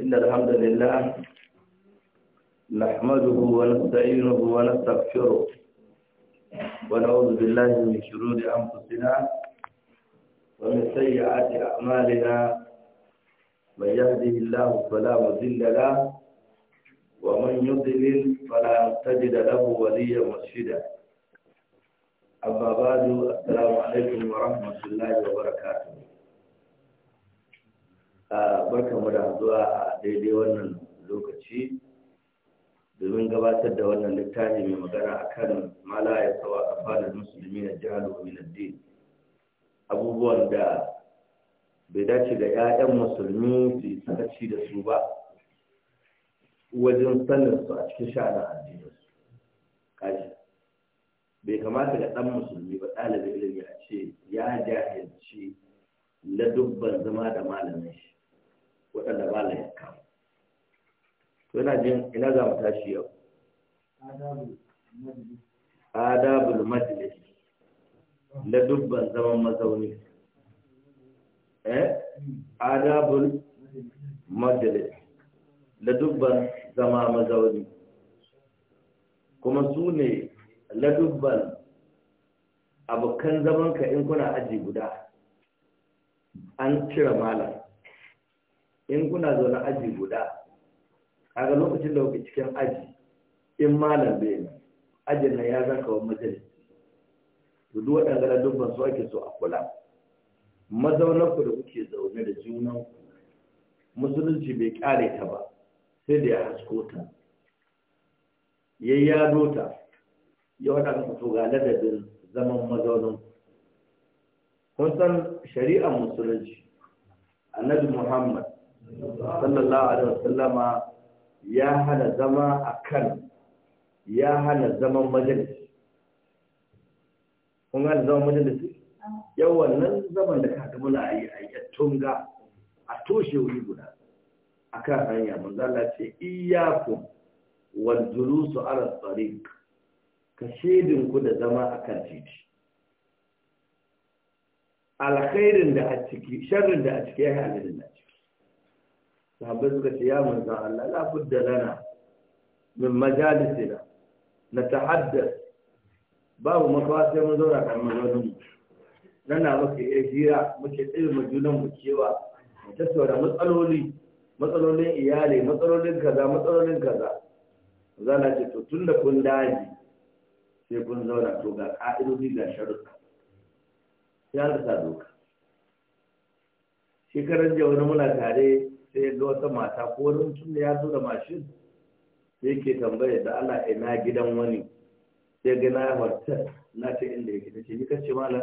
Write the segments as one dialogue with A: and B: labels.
A: إن الحمد لله نحمده ونستعينه ونستغفره ونعوذ بالله من شرور أنفسنا ومن سيئات أعمالنا من يهده الله فلا مضل له ومن يضلل فلا تجد له وليا مرشدا أما بعد السلام عليكم ورحمة الله وبركاته barkanmu da zuwa a daidai wannan lokaci domin gabatar da wannan littafi mai magana a kan malaya tsawa a fadar musulmi na jihar domin abubuwan da bai dace da 'ya'yan musulmi su yi sakaci da su ba wajen sannan su a cikin sha'anin addininsu kaji bai kamata ga ɗan musulmi ba ɗalibin ilimi a ce ya jahilci ladubban zama da malamin waɗanda ba na yanka to ina jin ina za mu tashi yau adabul majlis la dubban zaman mazauni eh adabul majlis la dubban zama mazauni kuma su ne ladubban abokan zamanka in kuna aji guda an cire malam in kuna zaune aji guda kaga lokacin da kuke cikin aji in malam bai nan ajin na ya zaka wa majalis to duk waɗanda dubban su ake so a kula mazaunar ku da kuke zaune da junan musulunci bai kare ta ba sai da ya hasko ta ya dota ya wada ku to ga ladabin zaman mazaunin kun san shari'ar musulunci annabi muhammad sallallahu alaihi wasallama ya hana zama a kan ya hana zaman majalisi kun hana zaman majalisi yau wannan zaman da ka muna na yi a yi tunga a toshe wuri guda a kan hanya manzala ce iyakun wal julusu ala tsarik ka ku da zama a kan titi alkhairin da a ciki sharrin da a ciki ya yi alirin nan sahabbai suka ce ya manzan Allah la budda lana min majalisina na tahaddas babu makawa sai mun zauna kan mazaunin mu nan na muke iya hira muke ilma junan mu cewa mu tattauna matsaloli matsalolin iyali matsalolin kaza matsalolin kaza za na ce to tun da kun daji sai kun zauna to ga ka'idodi ga sharuɗa ya an doka shekaran jiya wani muna tare sai ga wata mata ko wani mutum da ya zo da mashin sai ke tambaya da Allah ina gidan wani sai ga na wata na ta inda yake tace ni kace malam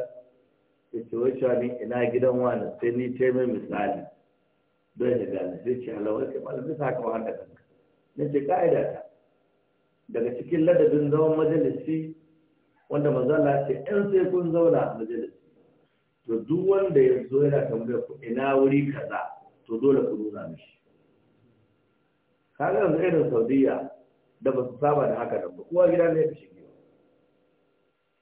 A: sai ce wai shani ina gidan wani sai ni ta mai misali don ya gane sai ce halawar ke malam bisa ka ba haka kanka na ce ka'ida ta daga cikin ladabin zaman majalisi wanda mazala ce ɗan sai kun zauna a majalisi to duk wanda ya zo yana tambaya ku ina wuri kaza to dole ku nuna mishi kaga yanzu irin saudiya da ba su saba da haka da ba gida ne ta shige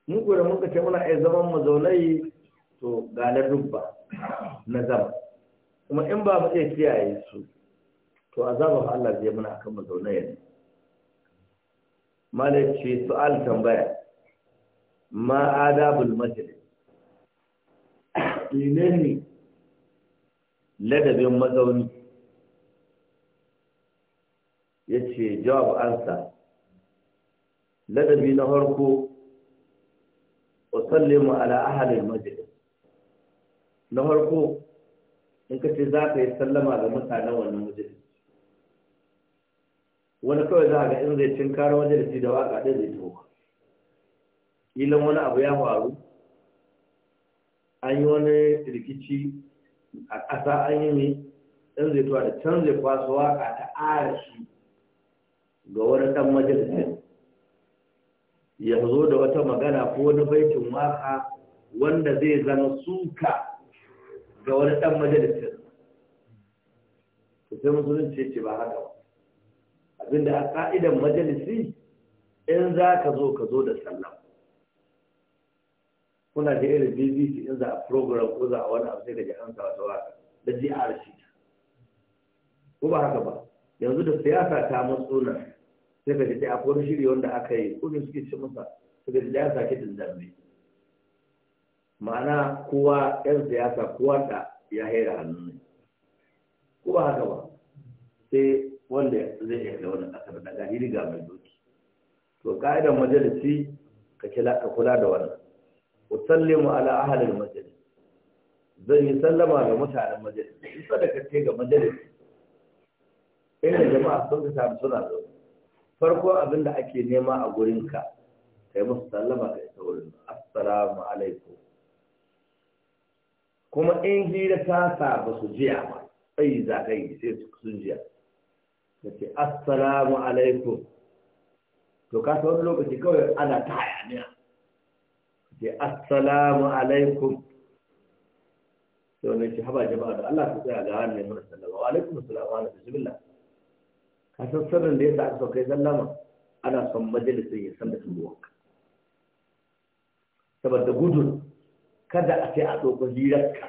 A: mu ko da muka ce muna ai zaman mazaunai to ga dubba. na zama kuma in ba mu iya kiyaye su to azabar Allah zai muna akan mazaunai ne malaci su'al tambaya ma adabul majlis menene ladabin mazauni ya ce jawab ansa ladabi na harko mu ala ahalin majalis na harko in ka ce za ka yi sallama ga mutanen wannan majalis wani kawai za ga in zai cin karo majalisi da waka ɗaya zai toka ilan wani abu ya faru an yi wani rikici a ƙasa an yi ne ɗan zai tuwa da can zai kwaso waka ta arashi ga wani ɗan majalisar ya zo da wata magana ko wani baitin waka wanda zai zama suka ga wani ɗan majalisar sai musulunci ce ba haka ba? abinda a ƙa'idan majalisi in za ka zo ka zo da sallama kuna da irin bbc in za a program ko za a wani abu sai da ji an sa wata waka da grc ko ba haka ba yanzu da siyasa ta matsuna sai ka ji sai akwai shiri wanda aka yi ko ne suke ce masa suka ji ya sake dindamme ma'ana kowa yan siyasa kowa da ya haira hannu ne ko ba haka ba sai wanda zai iya da wani kasar da gari ga mai doki to ka'idar majalisi ka kula da wannan usallimu ala ahlil majlis zan yi sallama ga mutanen majalis in sadaka ce ga majalis inda jama'a sun ka samu suna zo farko abin da ake nema a gurin ka kai musu sallama ga isa wurin assalamu alaikum kuma in hira ta sa ba su jiya ba tsayi za ka yi sai sun jiya ka ce assalamu alaikum to ka wani lokaci kawai ana ta hayaniya ce assalamu alaikum to shi ce haba jama'a da Allah ta tsaya ga hannun da sallama wa alaikum assalamu wa bismillah ka san sanin da yasa aka kai sallama ana son majalisin ya san da turuwanka saboda gudun kada a ce a ɗauko hirarka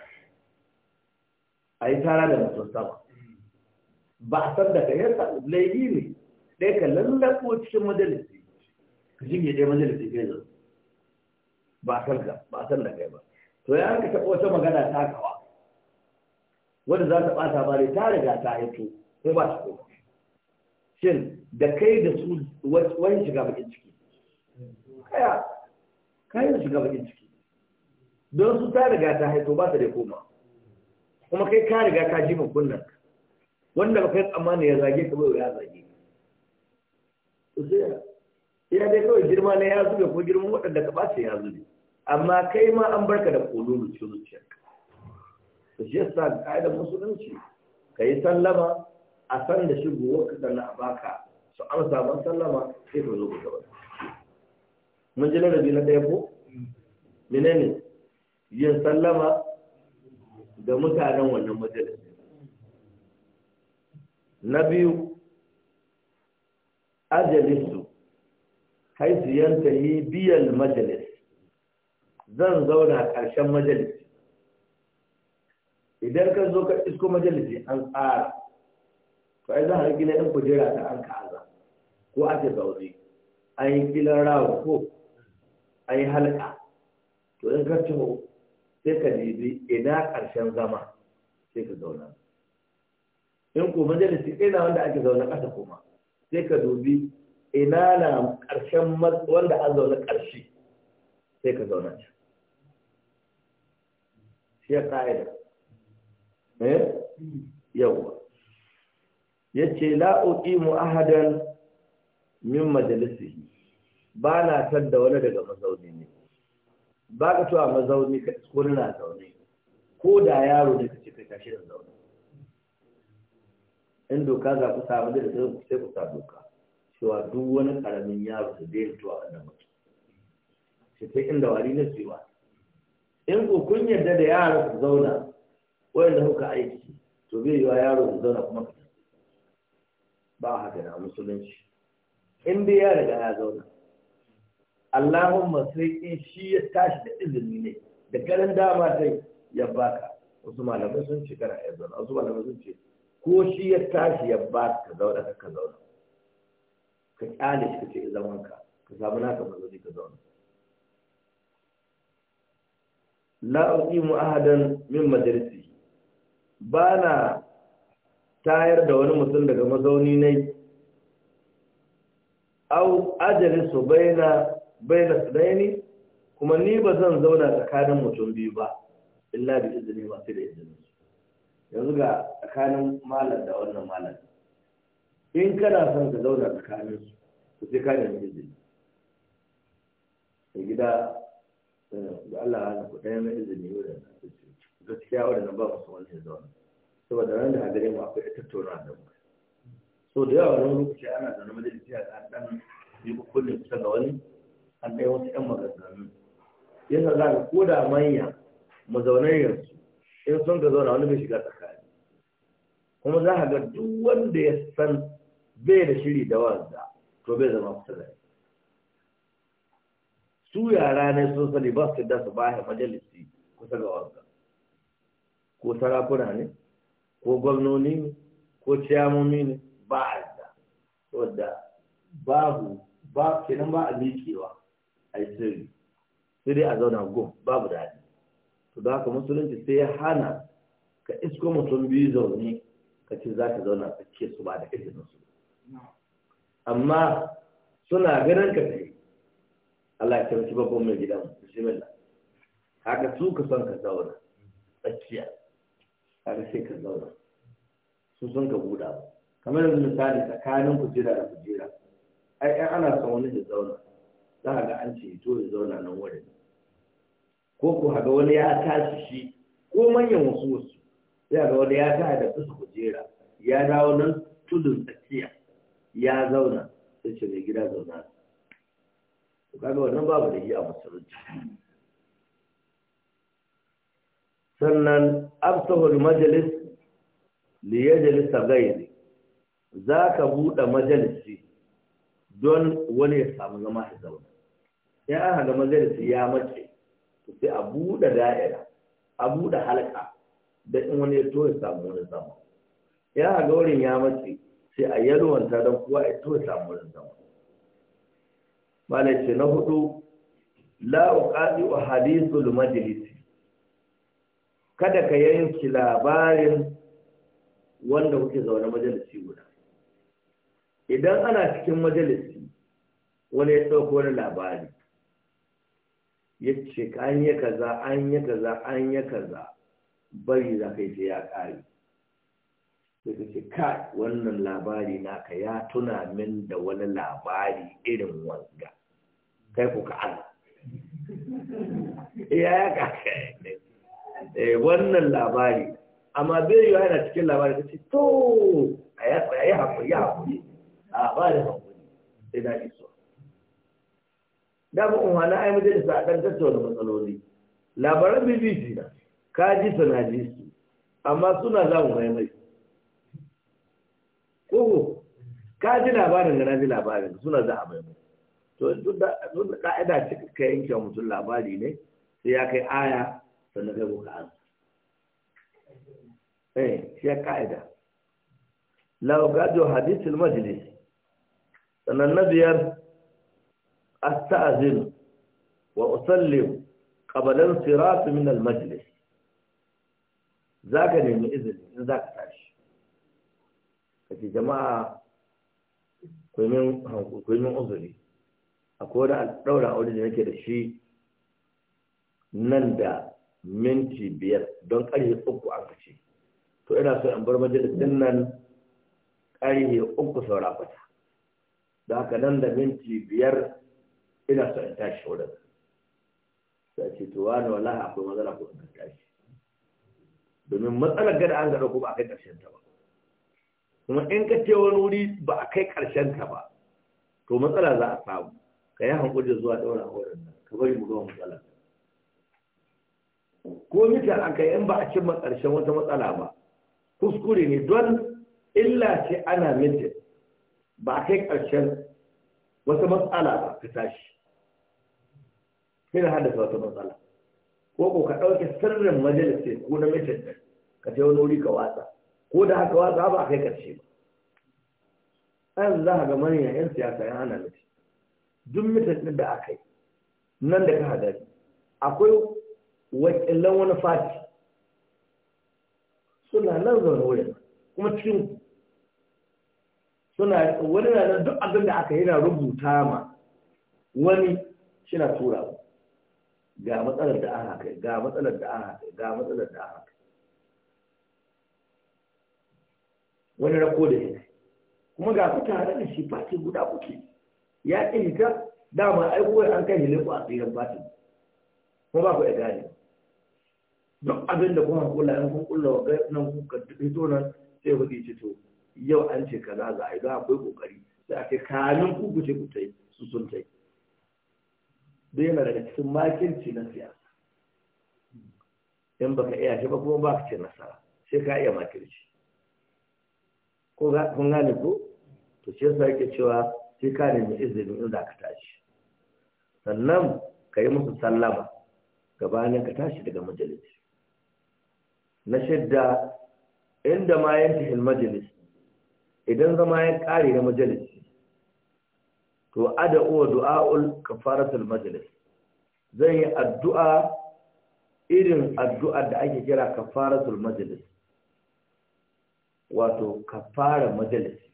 A: a yi tara da mutum sama ba a san da ka yasa laifi ne ɗaya ka lallaɓo cikin majalisi ka shige ɗaya majalisi ke zai ba san ka ba san da kai ba to ya ka taɓa wata magana takawa wanda za ta bata ba ta riga ta aito ko ba ta koma shin da kai da su wani shiga bakin ciki kaya kayan shiga bakin ciki don su ta riga ta haito ba ta da koma kuma kai ka riga ka ji kunna. wanda ba kai tsammani ya zage ka bai ya zage ka ya dai kawai girma ne ya zube ko girman waɗanda ka ɓace ya zube amma kai ma an barka da kololo cikin zuciyarka to shi yasa ka'idar musulunci ka yi sallama a san da shi shigowar ka sannan a baka su amsa ban sallama sai ka zo ku gaba mun ji rabi na ɗaya ko menene yin sallama da mutanen wannan majalis na biyu ajalisu haisu yanta yi biyan majalis zan zauna ƙarshen majalisi idan ka zo ka isko majalisi an tsara to ai za a gina yan kujera ta an kaza ko a ce zaune an yi kilan rawa ko an yi halka to in ka ciho sai ka dibi ina ƙarshen zama sai ka zauna in ko majalisi ina wanda ake zaune ƙasa kuma sai ka dubi ina na ƙarshen wanda an zaune ƙarshe sai ka zauna can shi ya ƙa'ida eh yawa yace la uqimu ahadan min majalisi ba na san da wani daga mazauni ne ba ka tuwa mazauni ka ko na zaune ko da yaro ne kace kai tashi da zaune in doka za ku samu da sai sai ku sa doka cewa duk wani ƙaramin yaro da zai tuwa wannan mutum sai inda wari na tsiwa in ku kun yarda da yaran su zauna da kuka aiki to bai yiwa yaro su zauna kuma ka ba haka na musulunci in dai ya riga ya zauna Allahumma sai in shi ya tashi da izini ne da garin dama sai ya baka wasu malamai sun ce kana ya zauna wasu malamai sun ce ko shi ya tashi ya baka ka zauna ka zauna ka kyale shi ka ce zamanka ka samu naka mazauni ka zauna la uqimu ahadan min majalisi na tayar da wani mutum daga mazauni ne au ajalisu baina baina sudaini kuma ni ba zan zauna tsakanin mutum biyu ba illa bi izini ba sai da izini yanzu ga tsakanin malam da wannan malam in kana son ka zauna tsakanin su sai ka yi izini gida Eh, da Allah ya ku ɗaya mai izini wurin gaskiya wurin ba mu wani ya zauna saboda ran da hagare mu akwai tattauna da mu so da yawa wani lokaci ana zaune majalisi a ɗan yi kullum kusa ga wani an ɗaya wasu ƴan maganganu yasa za ka ko da manya mazaunan yanzu in sun ka zauna wani bai shiga tsakani kuma za ka ga duk wanda ya san bai da shiri da wanda to bai zama kusa da su yara ne sun sani ba su da su baya majalisi kusa ga wanka ko sarakuna ne ko gwamnoni ne ko ciyamomi ne ba a da wadda babu ba kenan ba a miƙewa a sirri sai dai a zauna gum babu daɗi to da haka musulunci sai ya hana ka isko mutum biyu zaune ka ce za ka zauna tsakiyar su ba da izinin su amma suna ganin ka sai Allah ya taimaki babban mai gidan bismillah kaga su ka son ka zauna tsakiya kaga sai ka zauna su sun ka buɗa kamar yanzu misali tsakanin kujera da kujera ai ai ana son wani ya zauna za ka ga an ce to ya zauna nan wurin ko ku haga wani ya tashi shi ko manyan wasu wasu ya ga wani ya tashi da kusa kujera ya dawo nan tudun tsakiya ya zauna sai ce mai gida zauna kaga wannan babu da yi a musulunci sannan absahul majalis li yajlis za zaka buɗe majalisi don wani ya samu zama ya zauna sai an haga majalisi ya mace to sai a buɗe da'ira a buɗe halka da in wani ya to ya samu wani zama ya haga wurin ya mace sai a yalwanta don kuwa ya to ya samu wani zama malai ce na hudu la uqadi wa hadithul majlis kada ka yanki labarin wanda kuke zaune majalisi guda idan ana cikin majalisi wani ya ɗauko wani labari ya ce an yi kaza an yi kaza an yi kaza bari za ka yi ya ƙari sai ka ce ka wannan labari naka ya tuna min da wani labari irin wanga kai ku ka Allah ya ka eh wannan labari amma bai yi yana cikin labari ta ce to a ya tsaya ya haƙuri ya haƙuri a ba da haƙuri sai na iso da ba kuma na ai mutum da ɗan tattauna matsaloli labaran bbc na ka ji su ji su amma suna za mu mai mai ko ka ji labarin da na ji labarin suna za a mai mai to duk da ka'ida ce ka yanke wa mutum labari ne sai ya kai aya sannan kai kuka an eh shi ya ka'ida law gado hadithul majlis sannan na biyar asta'zin wa usallim kabalin insirat min al za ka nemi izini in ka tashi kace jama'a ku min uzuri akwai wani ɗaura aure da yake da shi nan da minti biyar don ƙarfe uku an kace to ina so in bar majalisar nan ƙarfe uku saura kwata da haka nan da minti biyar ina so in tashi wurin sai ce to wani wallahi akwai matsala ko in tashi domin matsalar gada an gada ko ba a kai ƙarshen ta ba kuma in ka ce wani wuri ba a kai ƙarshen ta ba to matsala za a samu ka yi hankali zuwa daura auren nan ka bari mu gama matsala ko mita an kai in ba a cimma ƙarshen wata matsala ba kuskure ne don illa ce ana minti ba a kai ƙarshen wata matsala ba ka tashi kina da haddasa wata matsala ko ko ka ɗauke sirrin majalisi ko na mitar ka je wani wuri ka watsa ko da haka watsa ba a kai ƙarshe ba yanzu za ka ga manyan 'yan siyasa yan ana mitar duk mitin ɗin da aka yi nan da ka hadari akwai wakilan wani fati suna nan zaune wurin kuma cikin suna wani na nan duk abin da aka yi na rubuta ma wani shi na tura ga matsalar da aka kai ga matsalar da aka kai ga matsalar da aka kai wani rako da yanayi kuma ga ku tare da shi fati guda kuke ya ƙi hita dama ai kuwa an kai hiliku a tsirin batin kuma ba ku ya gane Don abin da kuma kula in kun kula wa nan kuka hito nan sai ku ce to yau an ce kaza za a yi don akwai kokari sai a ce kamin ku ku ce ku tai su sun tai duk yana daga cikin makirci na siyasa in baka iya shi ba kuma ba ka ce nasara sai ka iya makirci ko kun gane ko to shi yasa yake cewa sai ka nemi izini in za ka tashi sannan ka yi musu sallama gabanin ka tashi daga majalis. na shidda inda ma ya yanki majalis idan zama ya kare na majalis, to ada uwa du'a'ul kafaratul majalis zan yi addu'a irin addu'ar da ake kira kafaratul majalis wato kafara majalis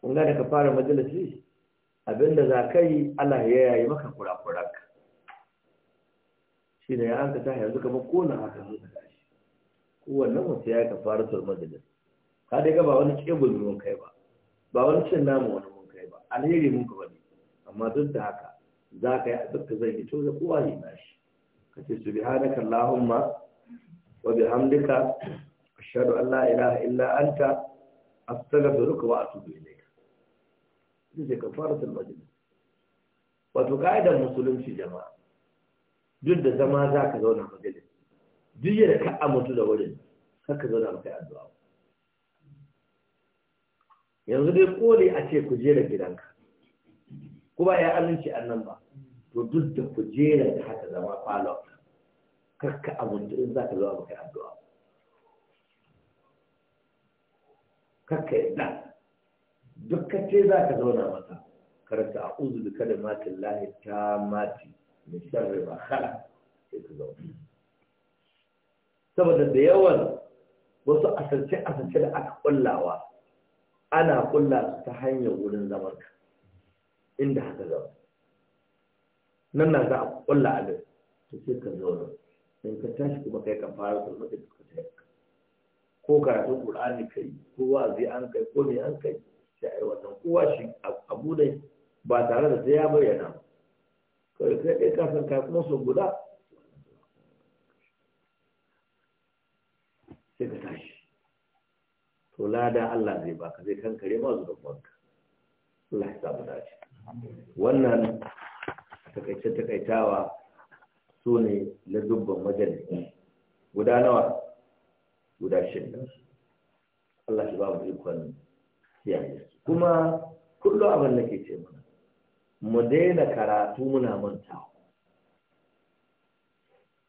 A: kun gane ka fara majalisi abinda za ka yi Allah ya yayi maka kurakuranka shi ne ya an ka ta yanzu kamar kona haka zuwa gashi kowanne mutu ya ka fara tur majalis ka dai ga ba wani kebul mun kai ba ba wani cin namu wani mun kai ba alheri mun ka bane amma duk da haka za ka yi abin da zai fito da kowa ne nashi ka ce subhanaka allahumma wa bihamdika ashhadu an la ilaha illa anta astaghfiruka wa atubu ilayk ita ce kafaratul majlis wato ka'idar musulunci jama'a duk da zama za ka zauna majalis duk da ka amintu da wurin ka zauna maka addu'a yanzu dai kole a ce ku da gidanka kuma ya aminci annan ba to duk da ku je da haka zama falon ka amintu in za ka zauna maka addu'a karka yadda dukkace za ka zauna masa karanta a uzu da kada matin lahi ta mati da sharri ba khala sai ka zauna saboda da yawan wasu asance-asance da aka kullawa ana kulla ta hanyar wurin zaman inda haka zauna nan na za a kulla a nan sai ka zauna in ka tashi kuma kai ka fara da mutum ka ko karatun ƙur'ani kai ko wa'azi an kai ko me an kai sha'ir wannan kowa shi abu ne ba tare da sai ya bayyana kawai kai ɗaya kasan ka kuma sun guda sai ka tashi to lada Allah zai baka zai kankare ma banka Allah ya samu dace wannan takaice takaitawa su ne dubban majalisi guda nawa guda shida Allah shi ba mu ikon kiyaye kuma kullum abin da ke ce mana mu daina karatu muna manta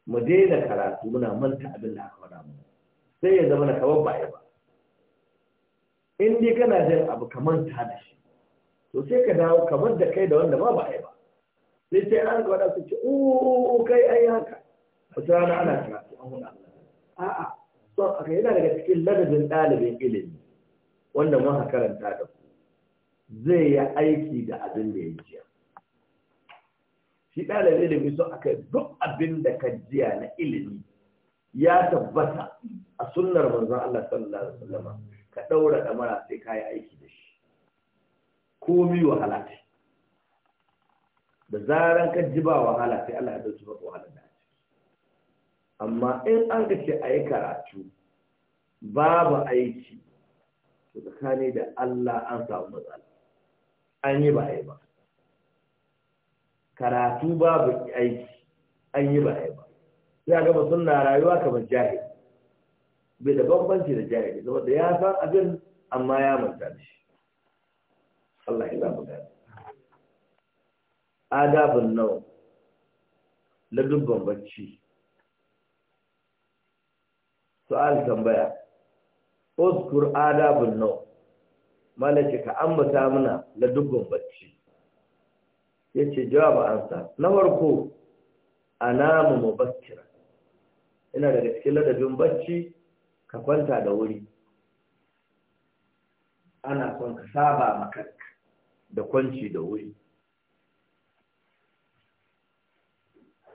A: mu daina karatu muna manta abin da aka faɗa mana sai ya zama na kawar baya ba in dai kana jin abu ka manta da shi to sai ka dawo kamar da kai da wanda ba ba ba sai sai an gwada su ce o kai ai haka wata rana ana karatu an hula. a'a son aka yana daga cikin ladabin ɗalibin ilimi wanda mun karanta da ku zai yi aiki da abin da ya jiya shi ɗalibin ilimi so kai, duk abin da ka jiya na ilimi ya tabbata a sunnar manzon Allah sallallahu alaihi wasallam ka daura damara sai ka yi aiki da shi komi wahala ce da zaran ka ji ba wahala sai Allah ya dauki maka wahala da amma in an ka ce a yi karatu babu aiki to tsakani da Allah an samu matsala an yi ba a yi ba karatu babu aiki an yi ba a yi ba ya gaba suna rayuwa kamar jahili bai da bambanci da jahili da ya san abin amma ya manta da shi Allah ya zama gani adabin nawa na dubban bacci su'al tambaya uzkur adabin nawa mana ce ka ambata muna na dubban bacci ya ce jawaba ansa na farko a mu bacci. ina daga cikin ladabin bacci ka kwanta da wuri ana son ka saba makanka da kwanci da wuri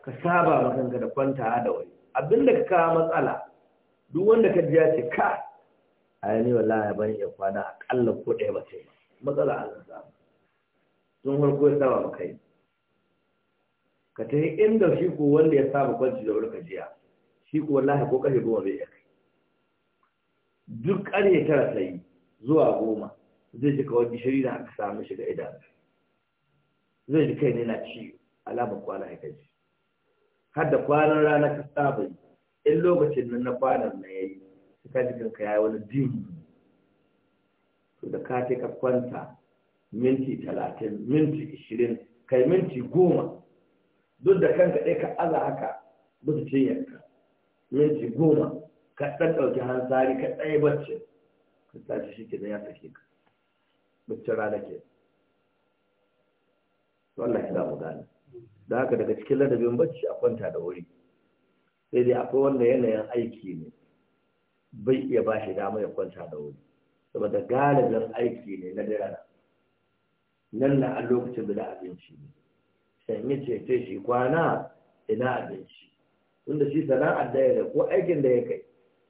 A: ka saba makanka da kwanta da wuri abinda ka kawo matsala duk wanda ka ji ya ce ka ai ni wallahi ban iya kwana akalla ko ɗaya ba sai matsala an samu sun farko ya saba ba kai ka ta yi inda shi ko wanda ya saba kwanci da wurin kajiya shi ko wallahi ko ƙarfe goma bai iya kai duk ƙarfe tara ta yi zuwa goma zai ji kawai gishiri da aka samu shiga idanu zai ji kai ne na ciwo alamar kwana ya kaji har da kwanan rana ka saba in lokacin nan na kwanan na ya yi ka ji kanka yayi wani dim to da ka ka kwanta minti talatin minti ishirin kai minti goma duk da kanka ɗaya ka aza haka bisa cinyarka minti goma ka ɗan ɗauki hansari ka ɗaya bacci ka tashi shi ke ya sake ka baccin rana ke wannan ya mu gane da haka daga cikin ladabin bacci a kwanta da wuri sai dai akwai wanda yanayin aiki ne bai iya ba shi dama ya kwanta da wuri saboda galibin aiki ne na dare nan na a lokacin da abinci ne sai ni ce shi kwana ina abinci tunda shi sana'ar da ya ko aikin da ya kai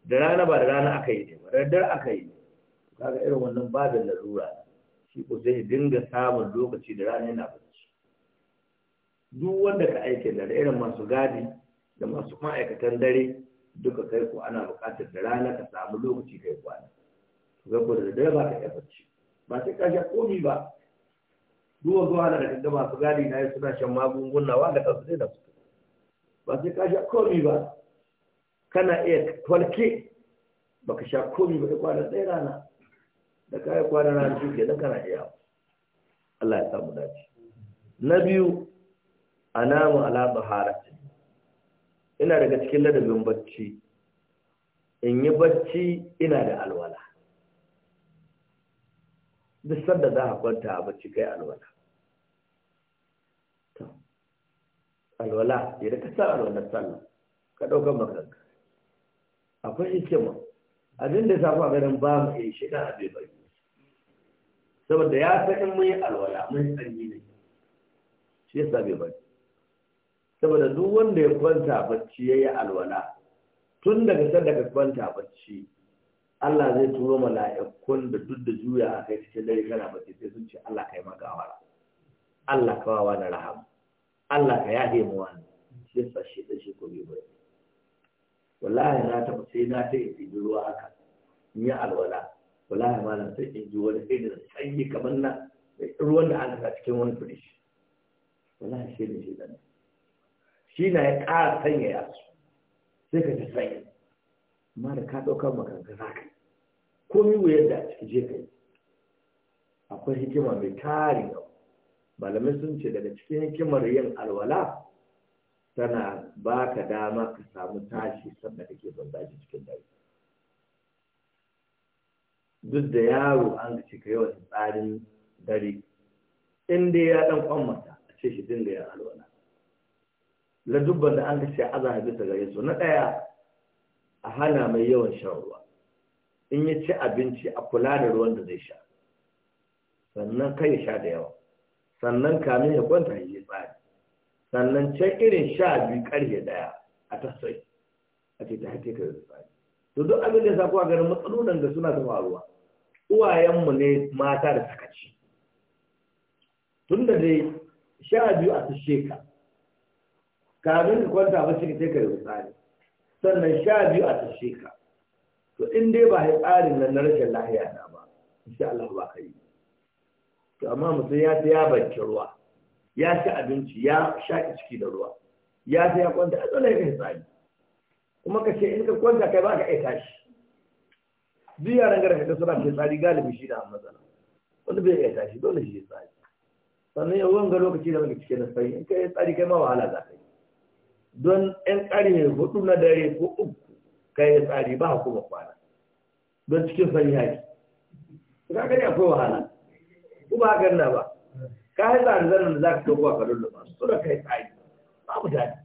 A: da rana ba da rana aka yi ne ba da daddar aka yi ne kaga irin wannan babin lalura shi ko sai dinga samun lokaci da rana yana bacci duk wanda ka aikin da irin masu gadi da masu ma'aikatan dare duka kai ko ana buƙatar da rana ka samu lokaci kai kwana ga da dare ba ka iya bacci ba sai ka sha komi ba duwa zuwa na da gaba su gadi na yi suna shan magunguna wa da kansu da su ba sai ka sha komi ba kana iya kwalke ka sha komi ba kwana ɗaya rana da kayi kwana rana su ke nan kana iya Allah ya samu dace na biyu anamu ala baharatin ina daga cikin ladabin bacci in yi bacci ina da alwala duk sanda za a kwanta a bacci kai alwala alwala idan ka sa alwalar sallah ka ɗaukar makanka akwai ma abin da safa ganin ba mu yi shiga a bai bai saboda ya san in mun yi alwala mun yi ne shi yasa bai bai saboda duk wanda ya kwanta bacci ya yi alwala tun daga san daga kwanta bacci Allah zai turo mala'ikun da duk da juya a kai cikin dare kana bacci sai sun ce Allah kai maka awara Allah ka wawa da rahama Allah ka yafe mu wani shi sa shi da shi ko bai wallahi na taɓa sai na ta yi ruwa haka ni alwala wallahi malam sai in ji wani da sanyi kamar na ruwan da an ka cikin wani firish wallahi shi ne shi da shi na ya ƙara sanya ya su sai ka ji sanya amma da ka ɗaukar makanka za ka komi wuyar da ciki je ka yi akwai hikima mai tari yau malamai sun ce daga cikin hikimar yin alwala tana ba ka dama ka samu tashi sanda ke son cikin dare duk da yaro an ce ka yawan tsarin dare in dai ya ɗan kwamata a ce shi dinga yin alwala la dubban da an kashe aza a ta gare su na daya a hana mai yawan shan ruwa in ya ci abinci a kula da ruwan da zai sha sannan kai ya sha da yawa sannan kamin ya kwanta ya yi tsari sannan can irin sha biyu ƙarfe daya a tasai a ce ta haƙe ka tsari to duk abin da ya sa kuwa ganin matsalolin da suna ta ruwa uwayenmu ne mata da sakaci tun da dai sha biyu a tashe ka kamin ka kwanta ba shi ka ka da tsari sannan sha biyu a tashe ka to in dai ba tsarin nan na rashin lahiya na ba insha Allah ba ka yi to amma mutum ya ta ya banki ruwa ya ci abinci ya sha ciki da ruwa ya ta ya kwanta a tsalai mai tsari kuma ka ce in ka kwanta kai ba ka iya tashi duk yaran gara ka suna mai tsari galibi shi da matsala wani bai aika tashi dole shi ya tsari sannan yawon ga lokaci da muke cike na sanyi in ka yi tsari kai ma wahala za ka yi don ‘yan ne hudu na dare ko uku kai ya tsari ba kuma kwana don cikin sanyi haki ka gani akwai wahala ba hakan na ba ka yi tsari zanen da za ka ɗauko ba, kadun da masu suna kai tsari babu daɗi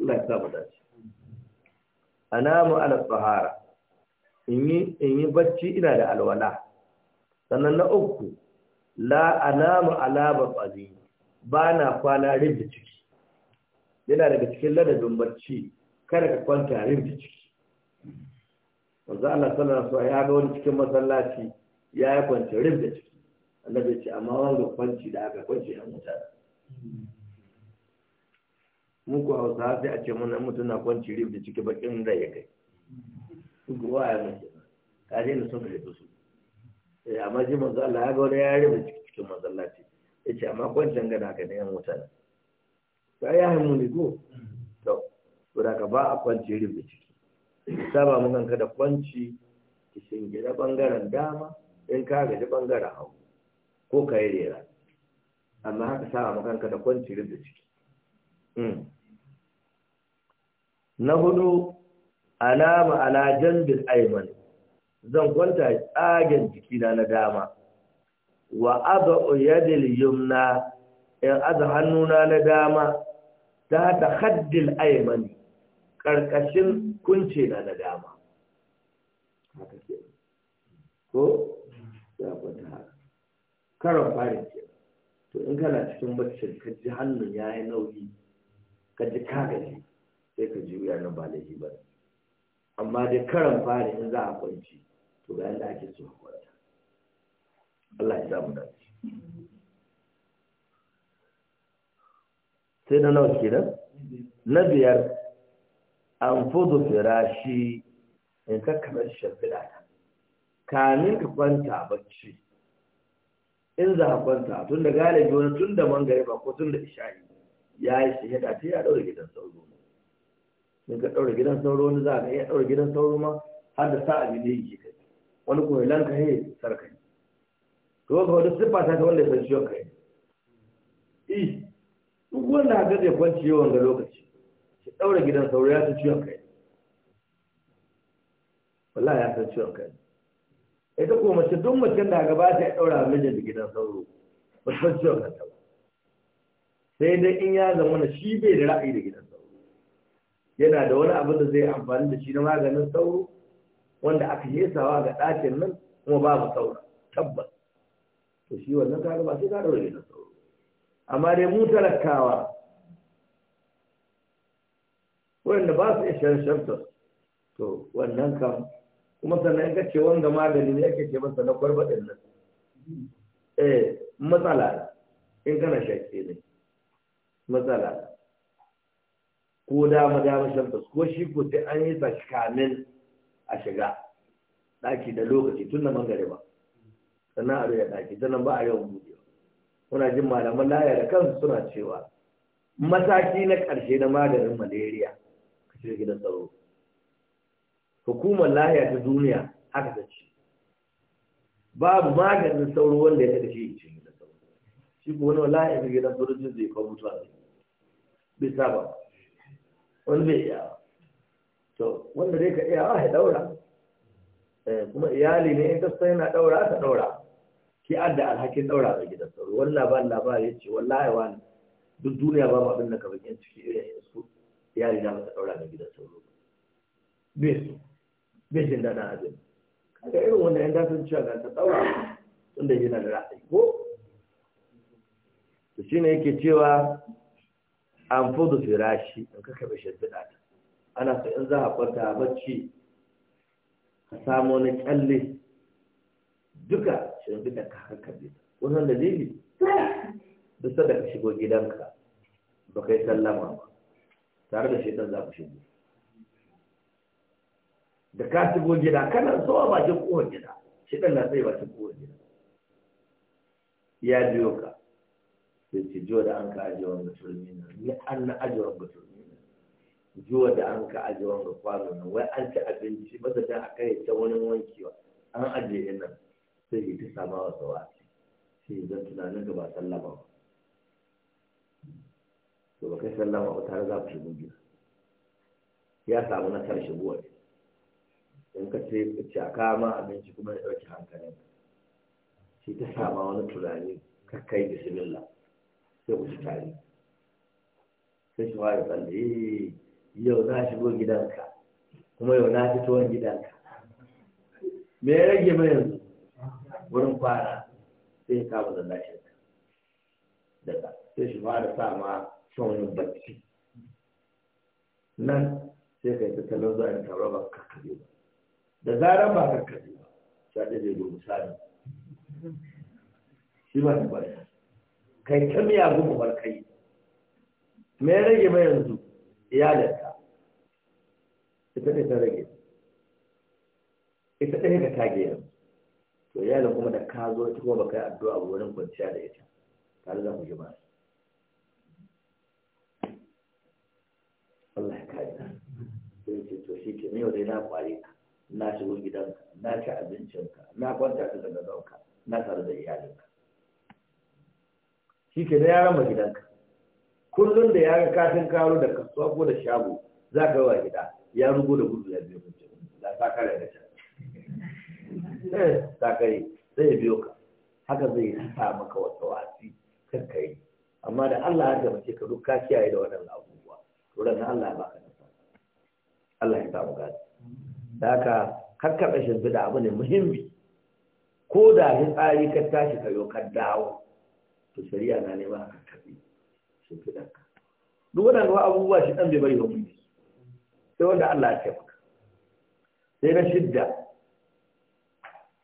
A: Allah ya samu dace anamu ala tsahara in yi in yi bacci ina da alwala sannan na uku la anamu ala batsani ba na kwana da ciki yana daga cikin ladabin barci, kada ka kwanta a da ciki wanzu Allah sallallahu alaihi ya ga wani cikin masallaci ya yi kwanci rin da ciki annabi ce amma wanda kwanci da aka kwanci yan wuta Muku ko Hausa sai a ce mun mutu na kwanci rin da ciki bakin da ya kai gowa ya mace ka ne sun kare su eh, amma shi manzo Allah ya ga wani ya rin da ciki cikin masallaci ce amma kwancin gada ka ne yan wuta ba ya hamu ne ko to saboda ka ba a kwanci da ciki saba mun kanka da kwanci ki gida bangaren dama in ka gaji bangaren hagu ko ka yi rera amma haka saba mun kanka da kwanci da ciki hmm. na hudu alama ala janbil aiman zan kwanta tsagen jikina na dama wa aba yadil yumna in aza hannuna na dama ta ta haddil aimani ƙarƙashin kunce na na dama ko ya karon farin ke to in kana cikin baccin ka ji hannun ya yi nauyi ka ji kagaji sai ka ji wuya na ba laifi ba amma dai karon farin in za a kwanci to ga yadda ake so a Allah ya samu shi. sai na nawa kenan na biyar an fudu firashi in ka kamar shimfiɗa ta kamin ka kwanta bacci in za a kwanta tun da galibi wani tun da ba ko tun da ishari ya yi shahada ta ya ɗaure gidan sauro in ka ɗaure gidan sauro wani za ka iya ɗaure gidan sauro ma har da sa abin da yake kai wani kuma lanka he sarkai to ka wani siffa ta wanda ya san ciwon kai duk wanda haka zai kwanci yawan ga lokaci ki daura gidan sauro ya san ciwon kai wallahi ya san ciwon kai ita ko shi duk mace da gaba ta ya ɗaura mijin gidan sauro ba ta ciwon kai ba sai dai in ya zama na shi bai da ra'ayi da gidan sauro yana da wani abin da zai amfani da shi na maganin sauro wanda aka yesawa ga ɗakin nan kuma babu sauro tabbas to shi wannan kaga ba sai ka daura gidan sauro amma dai mu talakawa wanda ba su ishe sharta to wannan kam kuma sannan in ce wanga magani ne yake ce masa na din nan eh matsala in kana shakke ne matsala ko dama dama sharta ko shi ko sai an yi ta kamin a shiga daki da lokaci tun da mangare ba sannan a ya daki sannan ba a yawan buɗewa muna jin malaman laya da kansu suna cewa mataki na ƙarshe na maganin malaria ce gidan tsaro hukumar lahiya ta duniya haka ta ce babu maganin sauro wanda ya ƙarshe ya ce gida sauro shi ko wani lahiya ta gidan tsaro jin zai kawo mutuwa ne bai saba wani bai iya to wanda dai ka iya ah, ya daura eh, kuma iyali ne in ka yana daura ta daura shi adda alhakin daura da gidan sauro wani labarin labarin ya ce wallahi wani duk duniya ba mu abin da ka bakin ciki irin yanzu ya riga masa daura da gidan sauro bai su bai jin daɗin abin kaga irin wanda yan dasan cewa ga ta daura tunda yana da ra'ayi ko to ne yake cewa an fudu firashi in ka kabe shaddada ana so in za a kwanta bacci ka samu wani kyalle duka ne duka ka harkabe wannan dalili duk sada ka shigo gidanka ba kai sallama ba tare da shaitan za ku shigo da ka shigo gida kana so a bakin kowar gida shaitan na sai bakin kowar gida ya biyo ka sai ce jiwa da an ka aje wanga turmi na ni an na aje wanga turmi na jiwa da an ka ajiye wanga kwano na wai an ci abinci ba da a kai ta wani wankewa an ajiye nan sai yi ta sama wa tsawa sai zan tunanin da ba sallama ba to ba kai sallama ba tare za ku shigo gida ya samu nasarar shigowa ne in ka ce ci a kama abinci kuma ya ɗauki hankalin sai ta sama wani tunani ka kai bismillah sai ku ci tare sai shi wa ya tsalle eh, yau na shigo gidanka kuma yau na fito gidanka me ya rage mai yanzu wurin kwana sai ka ba zalla shi daga sai shi fara sa ma son bacci nan sai ka yi tattalin zuwa yin taron ba ba da zarar ba kakkaɓe ba sai da zai domin sami shi ba ta bari kai ta miya gumu barkai me ya rage mai yanzu iyalinka ita ne ta rage ita ɗaya ka tage yanzu to iyalin kuma da ka zo ta kuma baka yi addu'a ba wurin kwanciya da ita tare da muji ba Allah ya kare na sai ce to shi ke ne yau dai na kware ka na shigo gidanka na ci abincinka na kwanta ka daga zauka na tare da iyalinka shi ke na yaran ma gidanka kullum da yaran katin karo da kasuwa ko da shago za ka yi wa gida ya rugo da gudu ya biyo kunce da ta kare da can Eh, kakari zai biyo ka haka zai sa maka wata wasi kan ka yi amma da Allah ya ga ce ka duk ka kiyaye da wannan abubuwa to ran Allah ba ka nasa Allah ya samu gani da haka karkaɗa shimfiɗa abu ne muhimmi ko da tsari ka tashi ka yo ka dawo to shari'a na ne ba ka neman a karkaɗe ka duk waɗannan abubuwa shi dan bai bari ba sai wanda Allah ya taimaka sai na shidda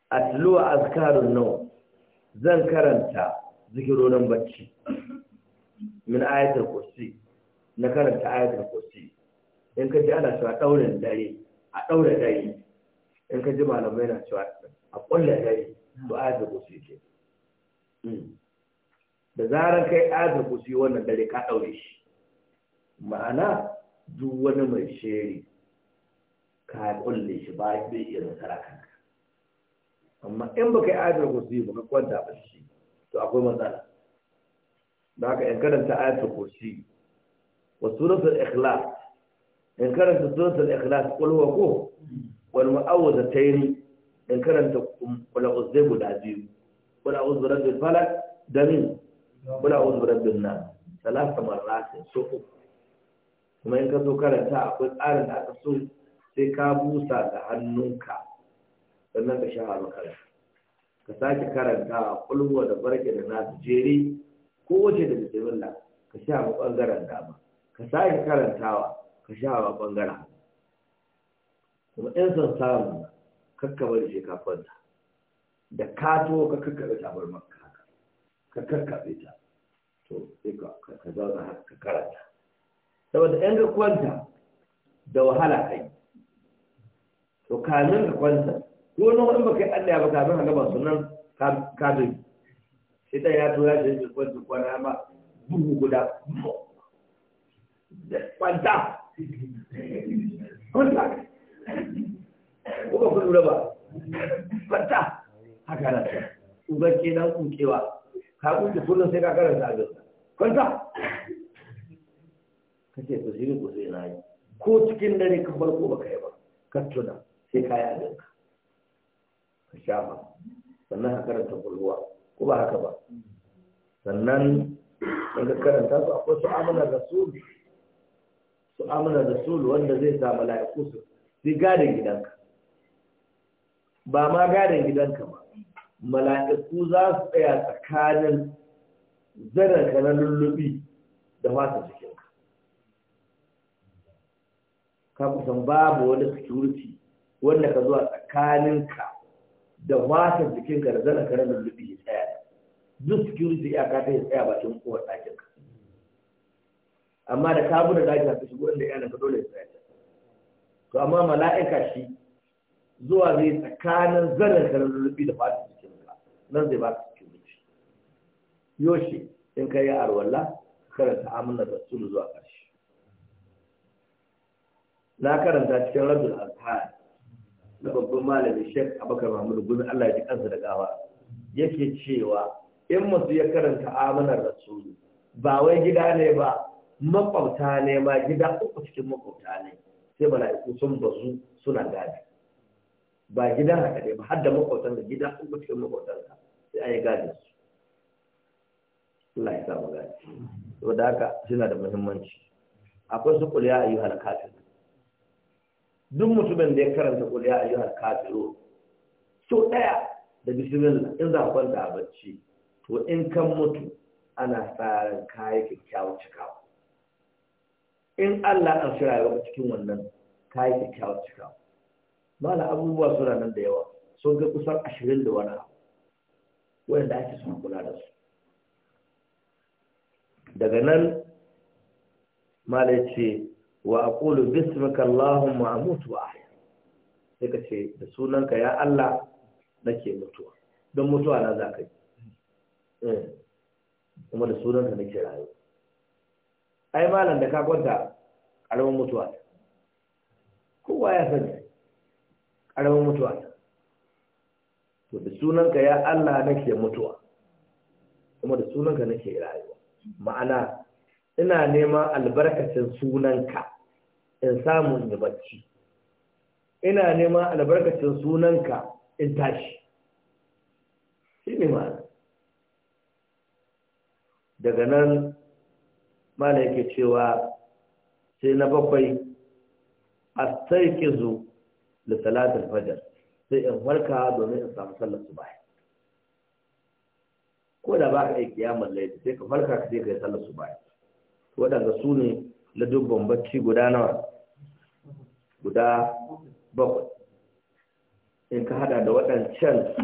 A: atluwa azkarun nau zan karanta zikirorin bacci min ayatul kursi na karanta ayatul kursi in ka ji ana cewa daure dare a daure dare in ka ji malamai na cewa a ƙulla dare to ayatul kursi ke hmm. da zarar kai ayatul kursi wannan dare ka ɗaure shi ma'ana duk wani mai sheri ka ƙulle shi ba zai iya nasara kanka amma in baka yi ayatul kursi baka kwanta ba shi to akwai matsala da haka in karanta ayatul kursi wa suratul ikhlas in karanta suratul ikhlas qul huwa ko wal mu'awwidhatayn in karanta um, qul a'udhu guda biyu qul a'udhu bi rabbil falaq da min qul a'udhu bi rabbin nas salasa marrat so kuma in ka zo karanta akwai tsarin da aka so sai ka busa da hannunka sannan ka sha makara
B: ka sake karanta kulwa da barke da nasu jere
A: ko wace da bismillah ka sha ma bangaren dama ka sake karantawa ka sha ma bangaren kuma in san samu kakkabar je ka kwanta da kato ka kakkabe tabar makka ka kakkabe ta to sai ka zauna haka ka karanta saboda yan ka kwanta da wahala kai to kamin ka kwanta ko wani in baka yi Allah ba kafin haka ba sunan kadin sai ta ya tura shi da kwanci kwana ma bugu guda kwanta kwanta ko kudu ku ba kwanta haka na ta uba kenan kukewa ka kuke kullum sai ka karanta a gaba kwanta ce ku zini ku zai na yi ko cikin dare ka farko ka yi ba ka tuna sai ka yi ka. ka shafa sannan ka karanta kulluwa ko ba haka ba sannan ka karanta su akwai su amana rasul su amana rasul wanda zai sa mala'iku su sai gadin gidanka ba ma gadin gidanka ba mala'iku za su tsaya tsakanin zanarka na lullubi da fata cikinka ka kusan babu wani security wanda ka zuwa tsakaninka da watan jikin ka da zana karen da lubi ya tsaya duk security ya ka ta ya tsaya bakin kowar ɗakin ka amma da ka da ɗakin ka shigo inda yana ka dole ya tsaya to amma mala'ika shi zuwa zai tsakanin zana karen da lubi da fatan jikin ka nan zai ba ka security yoshi in ka yi arwalla karanta amina da sulu zuwa karshe? na karanta cikin rabin alfahari na babban malami a bakar Mahmud Gumi Allah ya ji kansa da gawa yake cewa in masu ya karanta amanar rasulu ba wai gida ne ba makwabta ne ma gida uku cikin makwabta ne sai iku sun bazu suna gadi ba gidan haka ne ba har da makwabtan da gida uku cikin makwabtan ka sai an yi gadi su Allah ya sa mu gadi to haka suna da muhimmanci akwai su kuliya ayyuhal kafirun duk mutumin da ya karanta kul ya ayyuhal kafiru so ɗaya da bismillah in za kwanta a bacci to in kan mutu ana tsarin kayan kyakkyawa cikawa in Allah an rayuwa wa cikin wannan kayan kyakkyawar cikawa mala abubuwa suna nan da yawa sun ga kusan ashirin da wani abu wanda ake son kula da su daga nan mala ce wa aqulu bismika allahumma amutu wa ahya sai ka ce da sunanka ya Allah nake mutuwa don mutuwa na za ka yi eh, kuma da sunanka nake rayu ai malam da ka kwanta karamin mutuwa kowa ya sani karamin mutuwa to da sunanka ya Allah nake mutuwa kuma da sunanka nake rayuwa ma'ana ina neman albarkacin sunanka in samu in bacci ina nema albarkacin sunanka in tashi shi ne ma daga nan mana yake cewa sai na bakwai a sai zo da talatin fajar sai in farka domin in samu sallar su baya ko da ba ka yi kiyamar laifin sai ka farka ka je ka yi sallar su baya waɗanda su ne dubban bacci guda nawa guda bakwai in ka hada da waɗancan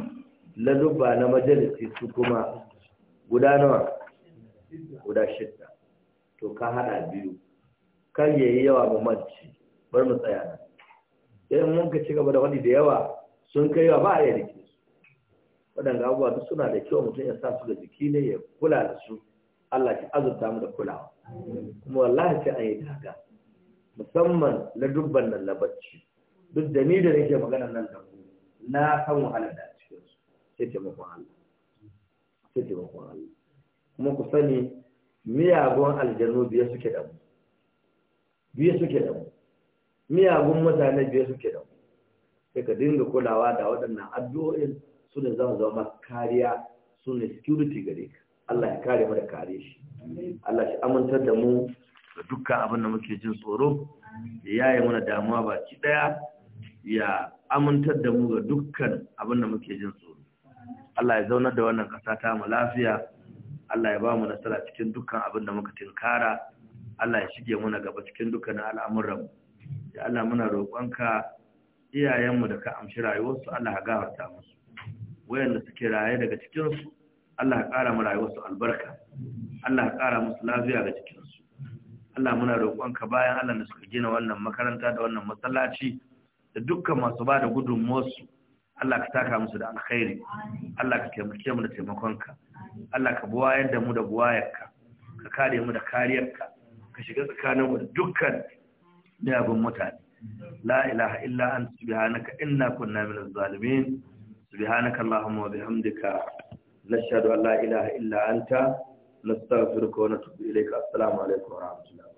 A: lalubba na majalisi su kuma guda nawa guda shidda to ka hada biyu kan yayi yawa ga manci bar mu tsaya nan idan mun ka ci gaba da wani da yawa sun kai yawa ba a yi rike su waɗanda abubuwa duk suna da kyau mutum ya sa su da jiki ne ya kula da su Allah ki azurta mu da kulawa kuma wallahi sai an yi daga musamman na dubban nan na bacci duk da ni da nake magana nan da ku na san wahala da cikin su sai taimakon Allah sai taimakon Allah kuma ku sani miyagun aljanu biye suke da mu biye suke da mu miyagun mutane biye suke da mu sai ka dinga kulawa da waɗannan addu'o'in su ne zama zama kariya su ne security gare ka Allah ya kare mu da kare shi Allah shi amintar da mu da dukkan abin da muke jin tsoro ya yi mana damuwa baki daya ya amintar da mu ga dukkan abin da muke jin tsoro Allah ya zaunar da wannan ƙasa ta mu lafiya Allah ya ba mu nasara cikin dukkan abin da muka tinkara Allah ya shige mana gaba cikin dukkan al'amuran ya Allah muna roƙonka iyayenmu da ka amshi rayuwarsu Allah ya gafarta musu wayanda suke raye daga cikin su Allah ya ƙara mu rayuwarsu albarka Allah ya ƙara musu lafiya ga cikin Allah muna roƙonka bayan Allah da suka gina wannan makaranta da wannan masallaci da dukkan masu ba da gudunmuwarsu Allah ka taka musu da alkhairi Allah ka taimake mu da taimakonka Allah ka buwayar da mu da buwayarka ka kare mu da kariyarka ka shiga tsakanin mu da dukkan miyagun mutane la ilaha illa an subhanaka inna kunna minaz zalimin subhanaka allahumma wa bihamdika nashhadu an la ilaha illa anta nastaghfiruka wa natubu ilayka assalamu alaikum wa rahmatullah